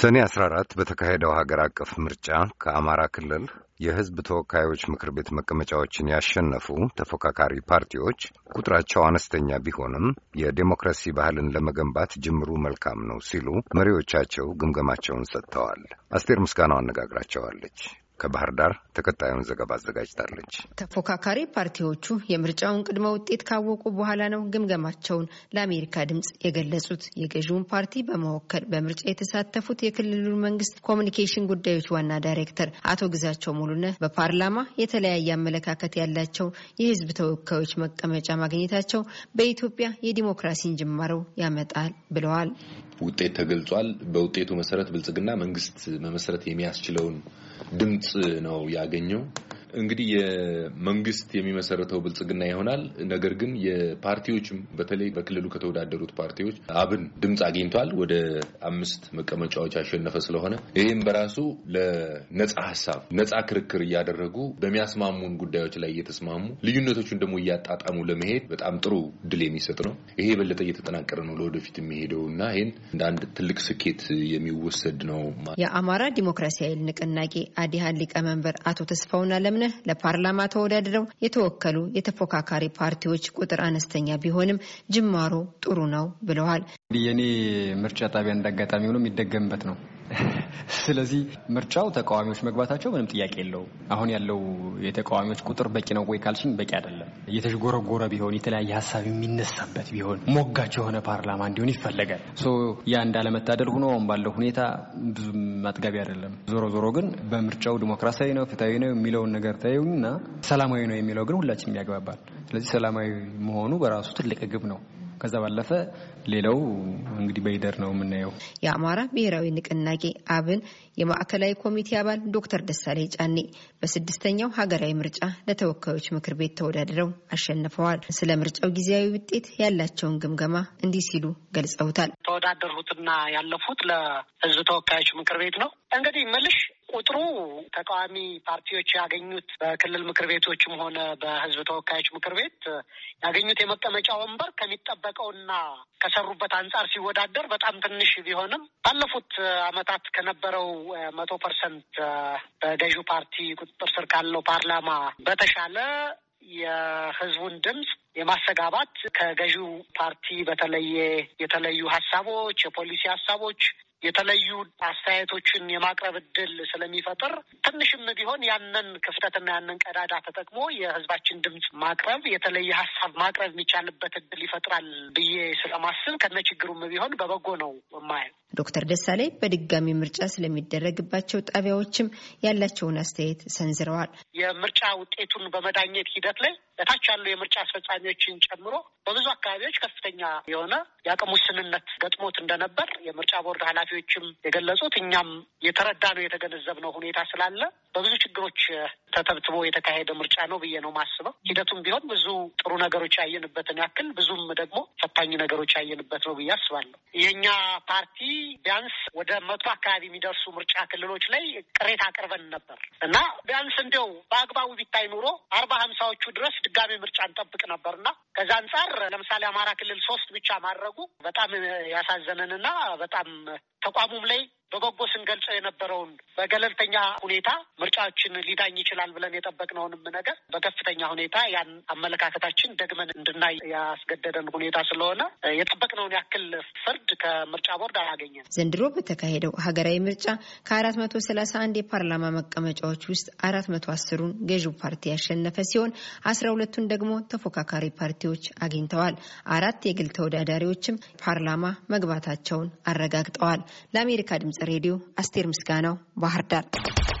ሰኔ 14 በተካሄደው ሀገር አቀፍ ምርጫ ከአማራ ክልል የሕዝብ ተወካዮች ምክር ቤት መቀመጫዎችን ያሸነፉ ተፎካካሪ ፓርቲዎች ቁጥራቸው አነስተኛ ቢሆንም የዴሞክራሲ ባህልን ለመገንባት ጅምሩ መልካም ነው ሲሉ መሪዎቻቸው ግምገማቸውን ሰጥተዋል። አስቴር ምስጋናው አነጋግራቸዋለች። ከባህር ዳር ተከታዩን ዘገባ አዘጋጅታለች። ተፎካካሪ ፓርቲዎቹ የምርጫውን ቅድመ ውጤት ካወቁ በኋላ ነው ግምገማቸውን ለአሜሪካ ድምፅ የገለጹት። የገዢውን ፓርቲ በመወከል በምርጫ የተሳተፉት የክልሉ መንግስት ኮሚኒኬሽን ጉዳዮች ዋና ዳይሬክተር አቶ ግዛቸው ሙሉነ በፓርላማ የተለያየ አመለካከት ያላቸው የህዝብ ተወካዮች መቀመጫ ማግኘታቸው በኢትዮጵያ የዲሞክራሲን ጅማሮ ያመጣል ብለዋል። ውጤት ተገልጿል። በውጤቱ መሰረት ብልጽግና መንግስት መመስረት የሚያስችለውን ድምፅ ድምፅ ነው ያገኘው። እንግዲህ የመንግስት የሚመሰረተው ብልጽግና ይሆናል። ነገር ግን የፓርቲዎችም በተለይ በክልሉ ከተወዳደሩት ፓርቲዎች አብን ድምፅ አግኝቷል። ወደ አምስት መቀመጫዎች ያሸነፈ ስለሆነ ይህም በራሱ ለነጻ ሀሳብ ነጻ ክርክር እያደረጉ በሚያስማሙን ጉዳዮች ላይ እየተስማሙ ልዩነቶቹን ደግሞ እያጣጣሙ ለመሄድ በጣም ጥሩ ድል የሚሰጥ ነው። ይሄ የበለጠ እየተጠናቀረ ነው ለወደፊት የሚሄደው እና ይህን እንደ አንድ ትልቅ ስኬት የሚወሰድ ነው። የአማራ ዲሞክራሲያዊ ንቅናቄ አዲሃን ሊቀመንበር አቶ ተስፋውን አለም አለምነህ ለፓርላማ ተወዳድረው የተወከሉ የተፎካካሪ ፓርቲዎች ቁጥር አነስተኛ ቢሆንም ጅማሮ ጥሩ ነው ብለዋል። የኔ ምርጫ ጣቢያ እንዳጋጣሚ ሆኖ የሚደገምበት ነው። ስለዚህ ምርጫው ተቃዋሚዎች መግባታቸው ምንም ጥያቄ የለው። አሁን ያለው የተቃዋሚዎች ቁጥር በቂ ነው ወይ ካልሽኝ በቂ አይደለም። የተዥጎረጎረ ቢሆን የተለያየ ሀሳብ የሚነሳበት ቢሆን ሞጋች የሆነ ፓርላማ እንዲሆን ይፈለጋል። ያ እንዳለመታደል ሆኖ አሁን ባለው ሁኔታ ብዙ ማጥጋቢ አይደለም። ዞሮ ዞሮ ግን በምርጫው ዲሞክራሲያዊ ነው ፍትሐዊ ነው የሚለውን ነገር ታዩና ሰላማዊ ነው የሚለው ግን ሁላችንም ያግባባል። ስለዚህ ሰላማዊ መሆኑ በራሱ ትልቅ ግብ ነው። ከዛ ባለፈ ሌላው እንግዲህ በይደር ነው የምናየው። የአማራ ብሔራዊ ንቅናቄ አብን የማዕከላዊ ኮሚቴ አባል ዶክተር ደሳሌ ጫኔ በስድስተኛው ሀገራዊ ምርጫ ለተወካዮች ምክር ቤት ተወዳድረው አሸንፈዋል። ስለ ምርጫው ጊዜያዊ ውጤት ያላቸውን ግምገማ እንዲህ ሲሉ ገልጸውታል። ተወዳደርሁትና ያለፉት ለህዝብ ተወካዮች ምክር ቤት ነው እንግዲህ ምልሽ ቁጥሩ ተቃዋሚ ፓርቲዎች ያገኙት በክልል ምክር ቤቶችም ሆነ በሕዝብ ተወካዮች ምክር ቤት ያገኙት የመቀመጫ ወንበር ከሚጠበቀውና ከሰሩበት አንጻር ሲወዳደር በጣም ትንሽ ቢሆንም ባለፉት ዓመታት ከነበረው መቶ ፐርሰንት በገዢው ፓርቲ ቁጥጥር ስር ካለው ፓርላማ በተሻለ የህዝቡን ድምፅ የማስተጋባት ከገዢው ፓርቲ በተለየ የተለዩ ሀሳቦች፣ የፖሊሲ ሀሳቦች የተለዩ አስተያየቶችን የማቅረብ እድል ስለሚፈጥር ትንሽም ቢሆን ያንን ክፍተትና ያንን ቀዳዳ ተጠቅሞ የህዝባችን ድምፅ ማቅረብ የተለየ ሀሳብ ማቅረብ የሚቻልበት እድል ይፈጥራል ብዬ ስለማስብ ከነ ችግሩም ቢሆን በበጎ ነው የማየው። ዶክተር ደሳሌ በድጋሚ ምርጫ ስለሚደረግባቸው ጣቢያዎችም ያላቸውን አስተያየት ሰንዝረዋል። የምርጫ ውጤቱን በመዳኘት ሂደት ላይ በታች ያሉ የምርጫ አስፈጻሚዎችን ጨምሮ በብዙ አካባቢዎች ከፍተኛ የሆነ የአቅም ውስንነት ገጥሞት እንደነበር የምርጫ ቦርድ ኃላፊ ኃላፊዎችም የገለጹት እኛም የተረዳነው የተገነዘብነው ሁኔታ ስላለ በብዙ ችግሮች ተተብትቦ የተካሄደ ምርጫ ነው ብዬ ነው ማስበው። ሂደቱም ቢሆን ብዙ ጥሩ ነገሮች ያየንበትን ያክል ብዙም ደግሞ ፈታኝ ነገሮች ያየንበት ነው ብዬ አስባለሁ። የእኛ ፓርቲ ቢያንስ ወደ መቶ አካባቢ የሚደርሱ ምርጫ ክልሎች ላይ ቅሬታ አቅርበን ነበር እና ቢያንስ እንዲው በአግባቡ ቢታይ ኑሮ አርባ ሀምሳዎቹ ድረስ ድጋሜ ምርጫ እንጠብቅ ነበር እና ከዛ አንጻር ለምሳሌ አማራ ክልል ሶስት ብቻ ማድረጉ በጣም ያሳዘነንና በጣም ተቋሙም ላይ በበጎ ስንገልጸው የነበረውን በገለልተኛ ሁኔታ ምርጫዎችን ሊዳኝ ይችላል ብለን የጠበቅነውንም ነገር በከፍተኛ ሁኔታ ያን አመለካከታችን ደግመን እንድናይ ያስገደደን ሁኔታ ስለሆነ የጠበቅነውን ያክል ፍርድ ከምርጫ ቦርድ አላገኘም። ዘንድሮ በተካሄደው ሀገራዊ ምርጫ ከአራት መቶ ሰላሳ አንድ የፓርላማ መቀመጫዎች ውስጥ አራት መቶ አስሩን ገዢው ፓርቲ ያሸነፈ ሲሆን አስራ ሁለቱን ደግሞ ተፎካካሪ ፓርቲዎች አግኝተዋል። አራት የግል ተወዳዳሪዎችም ፓርላማ መግባታቸውን አረጋግጠዋል። ለአሜሪካ ድምጽ ሬዲዮ አስቴር ምስጋናው ባህር ዳር